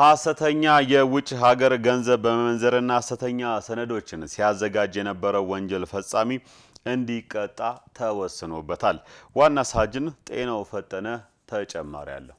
ሐሰተኛ የውጭ ሀገር ገንዘብ በመመንዘርና ሐሰተኛ ሰነዶችን ሲያዘጋጅ የነበረው ወንጀል ፈጻሚ እንዲቀጣ ተወስኖበታል። ዋና ሳጅን ጤናው ፈጠነ ተጨማሪ አለው።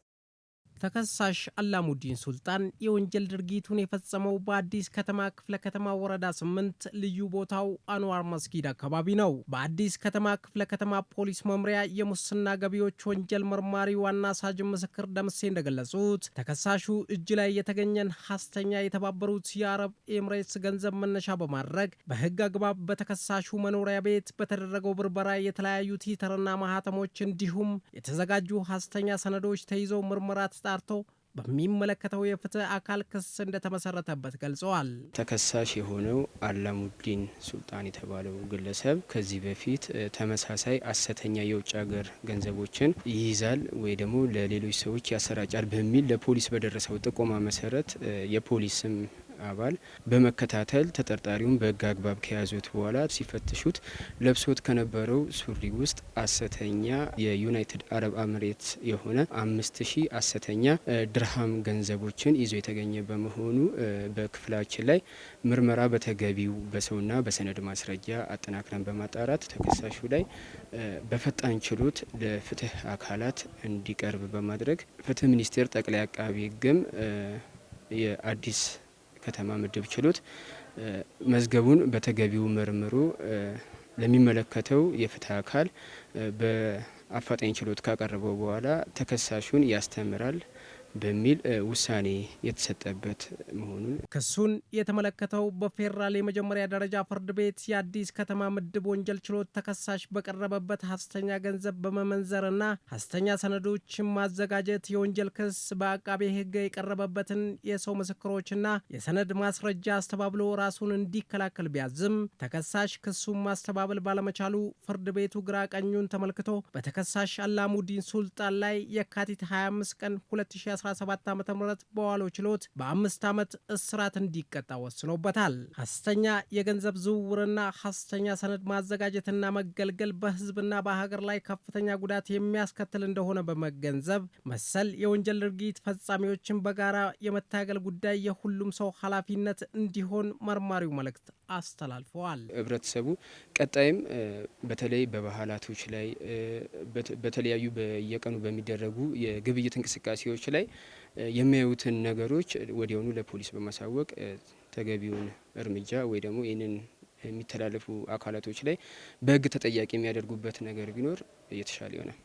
ተከሳሽ አላሙዲን ሱልጣን የወንጀል ድርጊቱን የፈጸመው በአዲስ ከተማ ክፍለ ከተማ ወረዳ ስምንት ልዩ ቦታው አንዋር መስጊድ አካባቢ ነው። በአዲስ ከተማ ክፍለ ከተማ ፖሊስ መምሪያ የሙስና ገቢዎች ወንጀል መርማሪ ዋና ሳጅ ምስክር ደምሴ እንደገለጹት ተከሳሹ እጅ ላይ የተገኘን ሀስተኛ የተባበሩት የአረብ ኤምሬትስ ገንዘብ መነሻ በማድረግ በህግ አግባብ በተከሳሹ መኖሪያ ቤት በተደረገው ብርበራ የተለያዩ ቲተርና ማህተሞች እንዲሁም የተዘጋጁ ሀስተኛ ሰነዶች ተይዘው ምርመራ አጣርቶ በሚመለከተው የፍትህ አካል ክስ እንደተመሰረተበት ገልጸዋል። ተከሳሽ የሆነው አላሙዲን ሱልጣን የተባለው ግለሰብ ከዚህ በፊት ተመሳሳይ አሰተኛ የውጭ ሀገር ገንዘቦችን ይይዛል ወይ ደግሞ ለሌሎች ሰዎች ያሰራጫል በሚል ለፖሊስ በደረሰው ጥቆማ መሰረት የፖሊስም አባል በመከታተል ተጠርጣሪውን በህግ አግባብ ከያዙት በኋላ ሲፈትሹት ለብሶት ከነበረው ሱሪ ውስጥ አሰተኛ የዩናይትድ አረብ አምሬት የሆነ አምስት ሺህ አሰተኛ ድርሃም ገንዘቦችን ይዞ የተገኘ በመሆኑ በክፍላችን ላይ ምርመራ በተገቢው በሰውና በሰነድ ማስረጃ አጠናክረን በማጣራት ተከሳሹ ላይ በፈጣን ችሎት ለፍትህ አካላት እንዲቀርብ በማድረግ ፍትህ ሚኒስቴር ጠቅላይ አቃቢ ህግም የአዲስ ከተማ ምድብ ችሎት መዝገቡን በተገቢው መርምሮ ለሚመለከተው የፍትህ አካል በአፋጣኝ ችሎት ካቀረበው በኋላ ተከሳሹን ያስተምራል። በሚል ውሳኔ የተሰጠበት መሆኑን ክሱን የተመለከተው በፌዴራል የመጀመሪያ ደረጃ ፍርድ ቤት የአዲስ ከተማ ምድብ ወንጀል ችሎት ተከሳሽ በቀረበበት ሐሰተኛ ገንዘብ በመመንዘርና ሐሰተኛ ሰነዶችን ማዘጋጀት የወንጀል ክስ በአቃቤ ሕግ የቀረበበትን የሰው ምስክሮችና የሰነድ ማስረጃ አስተባብሎ ራሱን እንዲከላከል ቢያዝም ተከሳሽ ክሱን ማስተባበል ባለመቻሉ ፍርድ ቤቱ ግራ ቀኙን ተመልክቶ በተከሳሽ አላሙዲን ሱልጣን ላይ የካቲት 25 ቀን 2። 2017 ዓ ም በዋለው ችሎት በአምስት ዓመት እስራት እንዲቀጣ ወስኖበታል። ሐሰተኛ የገንዘብ ዝውውርና ሐሰተኛ ሰነድ ማዘጋጀትና መገልገል በህዝብና በሀገር ላይ ከፍተኛ ጉዳት የሚያስከትል እንደሆነ በመገንዘብ መሰል የወንጀል ድርጊት ፈጻሚዎችን በጋራ የመታገል ጉዳይ የሁሉም ሰው ኃላፊነት እንዲሆን መርማሪው መልእክት አስተላልፈዋል። ህብረተሰቡ ቀጣይም በተለይ በባህላቶች ላይ በተለያዩ በየቀኑ በሚደረጉ የግብይት እንቅስቃሴዎች ላይ የሚያዩትን ነገሮች ወዲያውኑ ለፖሊስ በማሳወቅ ተገቢውን እርምጃ ወይ ደግሞ ይህንን የሚተላለፉ አካላቶች ላይ በህግ ተጠያቂ የሚያደርጉበት ነገር ቢኖር የተሻለ ይሆናል።